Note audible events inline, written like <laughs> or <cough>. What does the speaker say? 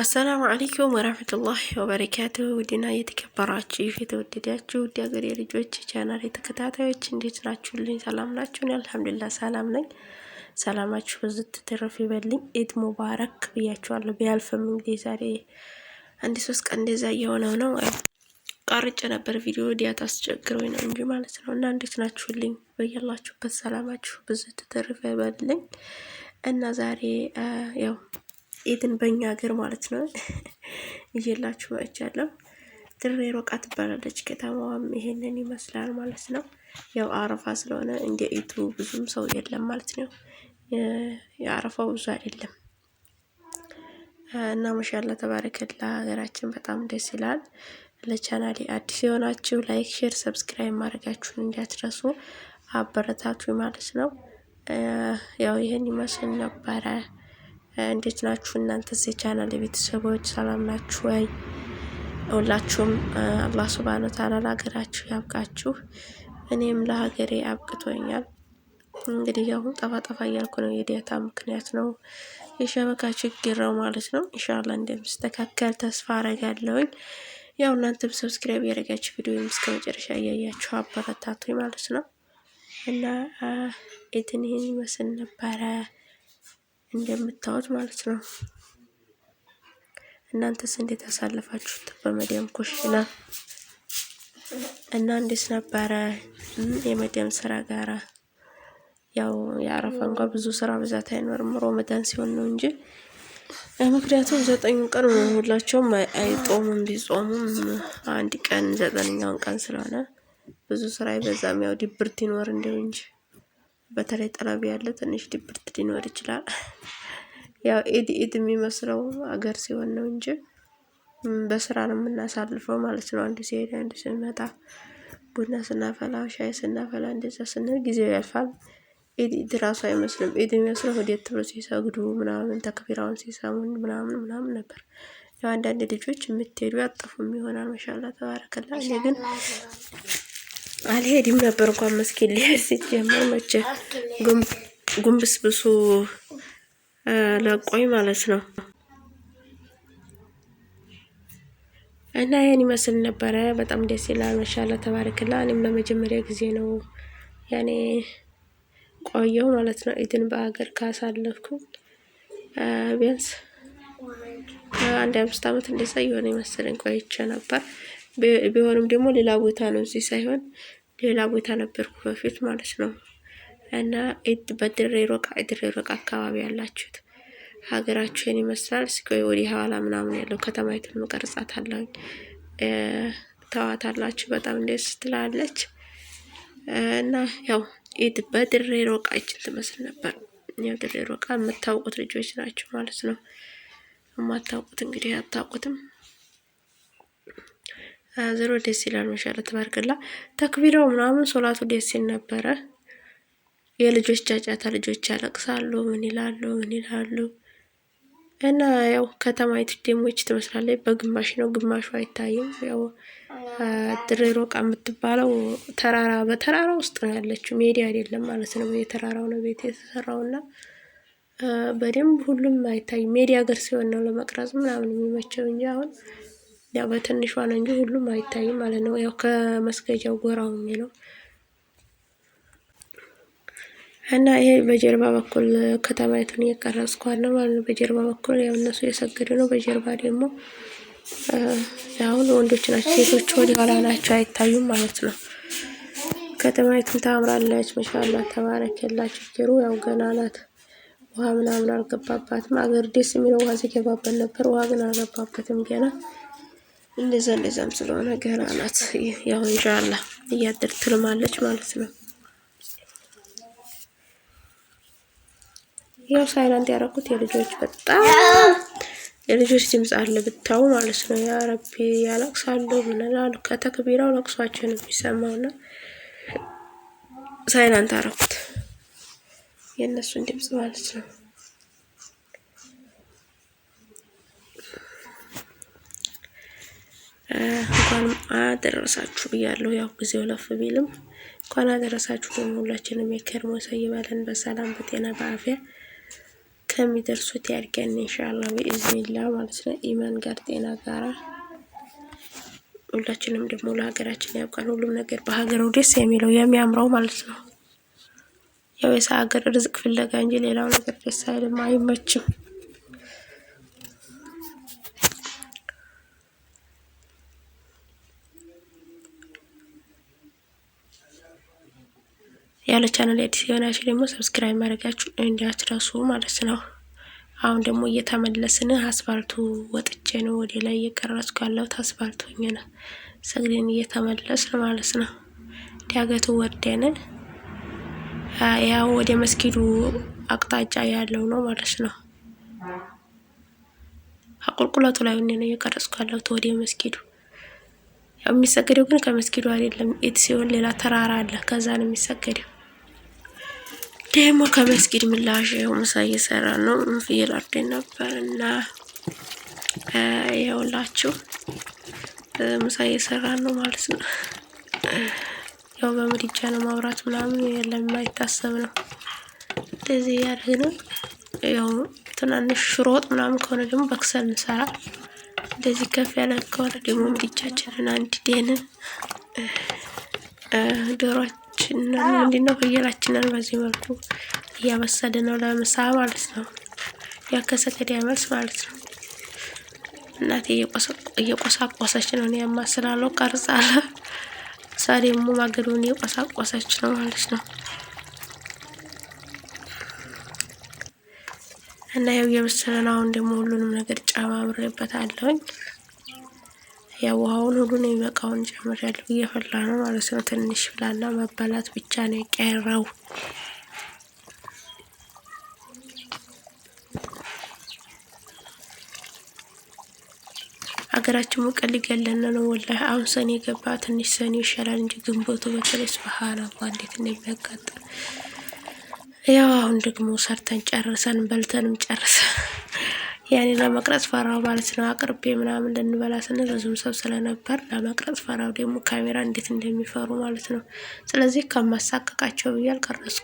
አሰላሙ አለይኩም ወራህመቱላሂ ወበረካቱ። ውድና የተከበራችሁ የተወደዳችሁ ውድ ሀገሬ ልጆች ቻናል የተከታታዮች እንዴት ናችሁልኝ? ሰላም ናችሁ? ናችሁን? አልሐምዱሊላህ ሰላም ነኝ። ሰላማችሁ በዝት ትረፍ ይበልኝ። ኢድ ሙባረክ ብያችኋለሁ። ቢያልፍም እንግዲህ ዛሬ አንድ ሶስት ቀን እንደዛ እየሆነው ነው። ቀርጬ ነበር ቪዲዮ ዲያት አስቸግሮኝ ነው እንጂ ማለት ነው። እና እንዴት ናችሁልኝ? በያላችሁበት ሰላማችሁ በዝት ትረፍ ይበልኝ እና ዛሬ ያው ኢትን በእኛ ሀገር ማለት ነው እየላችሁ <laughs> መጥቻለሁ። ትሬ ሮቃ ትባላለች ከተማዋም ይሄንን ይመስላል ማለት ነው። ያው አረፋ ስለሆነ እንደ ኢቱ ብዙም ሰው የለም ማለት ነው። የአረፋው ብዙ አይደለም እና ማሻላ ተባረከላ። ሀገራችን በጣም ደስ ይላል። ለቻናሌ አዲስ የሆናችሁ ላይክ፣ ሼር፣ ሰብስክራይብ ማድረጋችሁን እንዳትረሱ አበረታቱ ማለት ነው። ያው ይህን ይመስል ነበረ። እንዴት ናችሁ እናንተ እዚህ ቻናል የቤተሰቦች ሰላም ናችሁ ወይ? ሁላችሁም አላህ ሱብሃነ ወተዓላ ለሀገራችሁ ያብቃችሁ። እኔም ለሀገሬ አብቅቶኛል። እንግዲህ አሁን ጠፋጠፋ እያልኩ ነው። የዲያታ ምክንያት ነው የሸበካ ችግር ነው ማለት ነው። እንሻላ እንደምስተካከል ተስፋ አረጋለሁኝ። ያው እናንተም ሰብስክራይብ ያደረጋችሁ ቪዲዮ እስከ መጨረሻ እያያችሁ አበረታቱኝ ማለት ነው እና ኢትን ይህን ይመስል ነበረ። እንደምታዩት ማለት ነው። እናንተስ እንዴት አሳለፋችሁት? በመዲያም ኮሽና እና እንዴት ነበረ የመዲያም ስራ ጋራ? ያው የአረፋ እንኳ ብዙ ስራ ብዛት አይኖርም ሮመዳን ሲሆን ነው እንጂ ምክንያቱም ዘጠኙ ቀን ሁላቸውም አይጦሙም። ቢጾሙም አንድ ቀን ዘጠነኛውን ቀን ስለሆነ ብዙ ስራ አይበዛም። ያው ድብርት ይኖር እንደው እንጂ በተለይ ጠለብ ያለ ትንሽ ድብርት ሊኖር ይችላል። <laughs> ያው ኢድ ኢድ የሚመስለው አገር ሲሆን ነው እንጂ በስራ ነው የምናሳልፈው ማለት ነው። አንዱ ሲሄድ አንዱ ስንመጣ፣ ቡና ስናፈላ ሻይ ስናፈላ እንደዛ ስንል ጊዜው ያልፋል። ኢድ ኢድ ራሱ አይመስልም። ኢድ የሚመስለው ሁዴት ብሎ ሲሰግዱ ምናምን ተክቢራውን ሲሰሙን ምናምን ምናምን ነበር። ያው አንዳንድ ልጆች የምትሄዱ ያጠፉም ይሆናል። መሻላ ተባረከላ። እኔ ግን አልሄድም ነበር እንኳን መስጊድ ሊሄድ ሲጀምር መቼ ጉንብስ ብሱ ለቆኝ ማለት ነው። እና ይህን ይመስል ነበረ። በጣም ደስ ይላል። ማሻላ ተባረክላ። እኔም ለመጀመሪያ ጊዜ ነው ያኔ ቆየው ማለት ነው። ኢድን በአገር ካሳለፍኩ ቢያንስ አንድ አምስት አመት እንደዛ የሆነ የመሰለኝ ቆይቼ ነበር። ቢሆንም ደግሞ ሌላ ቦታ ነው፣ እዚህ ሳይሆን ሌላ ቦታ ነበርኩ በፊት ማለት ነው። እና በድሬ ሮቃ ድሬ ሮቃ አካባቢ ያላችሁት ሀገራችሁን ይመስላል። እስኪ ወዲህ ሀዋላ ምናምን ያለው ከተማይቱን መቀርጻት አለሁኝ ተዋታላችሁ በጣም ደስ ትላለች። እና ያው ኢድ በድሬ ሮቃ ይችል ትመስል ነበር። ያው ድሬ ሮቃ የምታውቁት ልጆች ናቸው ማለት ነው። የማታውቁት እንግዲህ አታውቁትም። ዘሮ ደስ ይላል። መሻለ ተባርክላ ተክቢራው ምናምን ሶላቱ ደስ ይል ነበረ። የልጆች ጫጫታ፣ ልጆች ያለቅሳሉ፣ ምን ይላሉ፣ ምን ይላሉ። እና ያው ከተማይቱ ደሞች ትመስላለች። በግማሽ ነው ግማሹ አይታይም። ያው ድሬሮቃ የምትባለው ተራራ በተራራ ውስጥ ነው ያለችው። ሜዳ አይደለም ማለት ነው። የተራራው ነው ቤት የተሰራው እና በደንብ ሁሉም አይታይም። ሜዲያ ሀገር ሲሆን ነው ለመቅረጽ ምናምን የሚመቸው እንጂ አሁን ያው በትንሿ ነው እንጂ ሁሉም አይታይም ማለት ነው። ያው ከመስገጃው ጎራው የሚለው እና ይሄ በጀርባ በኩል ከተማይቱን እየቀረጽኳት ነው ማለት ነው። በጀርባ በኩል ያው እነሱ እየሰገዱ ነው። በጀርባ ደግሞ አሁን ወንዶች ናቸው፣ ሴቶች ወደ ኋላ ናቸው፣ አይታዩም ማለት ነው። ከተማይቱን ታምራለች። መሻላ ተባረክ የላቸው ጀሩ ያው ገና ናት። ውሃ ምናምን አልገባባትም። አገር ደስ የሚለው ውሃ ሲገባበት ነበር። ውሃ ግን አልገባበትም ገና እንደዛ እንደዛም ስለሆነ ገና ናት። ያው እንሻላ እያደር ትልማለች ማለት ነው። ያው ሳይላንት ያደረኩት የልጆች በጣም የልጆች ድምፅ አለ ብታው ማለት ነው። ያ ረቢ ያለቅሳሉ ምንላሉ ከተክቢራው ለቅሷቸው ነው ሳይላንት አደረኩት የእነሱን ድምፅ ማለት ነው። እንኳንም አደረሳችሁ ብያለሁ። ያው ጊዜው ለፍ ቢልም እንኳን አደረሳችሁ። ደግሞ ሁላችንም የከርሞ ሰው ይበለን፣ በሰላም በጤና በአፍያ ከሚደርሱት ያድገን ኢንሻአላህ በኢዝኒላ ማለት ነው። ኢማን ጋር ጤና ጋራ ሁላችንም ደግሞ ለሀገራችን ያብቃን። ሁሉም ነገር በሀገሩ ደስ የሚለው የሚያምረው ማለት ነው። ያው የሰው ሀገር ርዝቅ ፍለጋ እንጂ ሌላው ነገር ደስ አይልም፣ አይመችም። ያለ ቻናል አዲስ የሆናችሁ ደግሞ ሰብስክራይብ ማድረጋችሁ እንዳትረሱ ማለት ነው። አሁን ደግሞ እየተመለስን አስፋልቱ ወጥቼ ነው ወደ ላይ እየቀረጽኩ ያለሁት አስፋልቱ ሆኜ ነው ሰግደን እየተመለስን ማለት ነው። ዳገቱ ወርደን ያው ወደ መስጊዱ አቅጣጫ ያለው ነው ማለት ነው። አቁልቁለቱ ላይ ሆኜ ነው እየቀረጽኩ ያለሁት ወደ መስጊዱ የሚሰገደው ግን ከመስጊዱ አይደለም። ኢት ሲሆን ሌላ ተራራ አለ፣ ከዛ ነው የሚሰገደው። ደግሞ ከመስጊድ ምላሽ ይኸው ምሳ እየሰራ ነው። ፍየል አርደን ነበር እና ይኸውላችሁ ምሳ እየሰራ ነው ማለት ነው። ያው በምድጃ ነው ማብራት ምናምን የለም፣ የማይታሰብ ነው። እንደዚህ እያደረግ ነው። ያው ትናንሽ ሽሮ ወጥ ምናምን ከሆነ ደግሞ በክሰል እንሰራ። እንደዚህ ከፍ ያለ ከሆነ ደግሞ ምድጃችንን አንድ ደንን ዶሯ ዶሮዎቻችንና ምንድን ነው ፍየላችንን በዚህ መልኩ እያበሰደ ነው ለምሳ ማለት ነው። ያከሰተ ዲያመልስ ማለት ነው። እናቴ እየቆሳቆሰች ነው። እኔ ያማስላለው ቀርጻለ አለ እሷ ደግሞ ማገዶን እየቆሳቆሰች ነው ማለት ነው። እና ያው የበሰለን አሁን ደግሞ ሁሉንም ነገር ጨማምሬበታለሁኝ። ያው ውሃውን ሁሉን የሚበቃውን ጨምር ያለው እየፈላ ነው ማለት ነው። ትንሽ ፍላና መበላት ብቻ ነው የቀረው። ሀገራችን ሙቀት ሊገለን ነው ወላሂ። አሁን ሰኔ የገባ ትንሽ ሰኔ ይሻላል እንጂ ግንቦቱ በተለይ ስብሃናላ እንዴት እንደሚያቃጥል ያው አሁን ደግሞ ሰርተን ጨርሰን በልተንም ጨርሰን ያኔ ለመቅረጽ ፈራው ማለት ነው። አቅርቤ ምናምን ልንበላ ስንል ብዙም ሰው ስለነበር ለመቅረጽ ፈራው፣ ደግሞ ካሜራ እንዴት እንደሚፈሩ ማለት ነው። ስለዚህ ከማሳቀቃቸው ብዬ አልቀረጽኩም።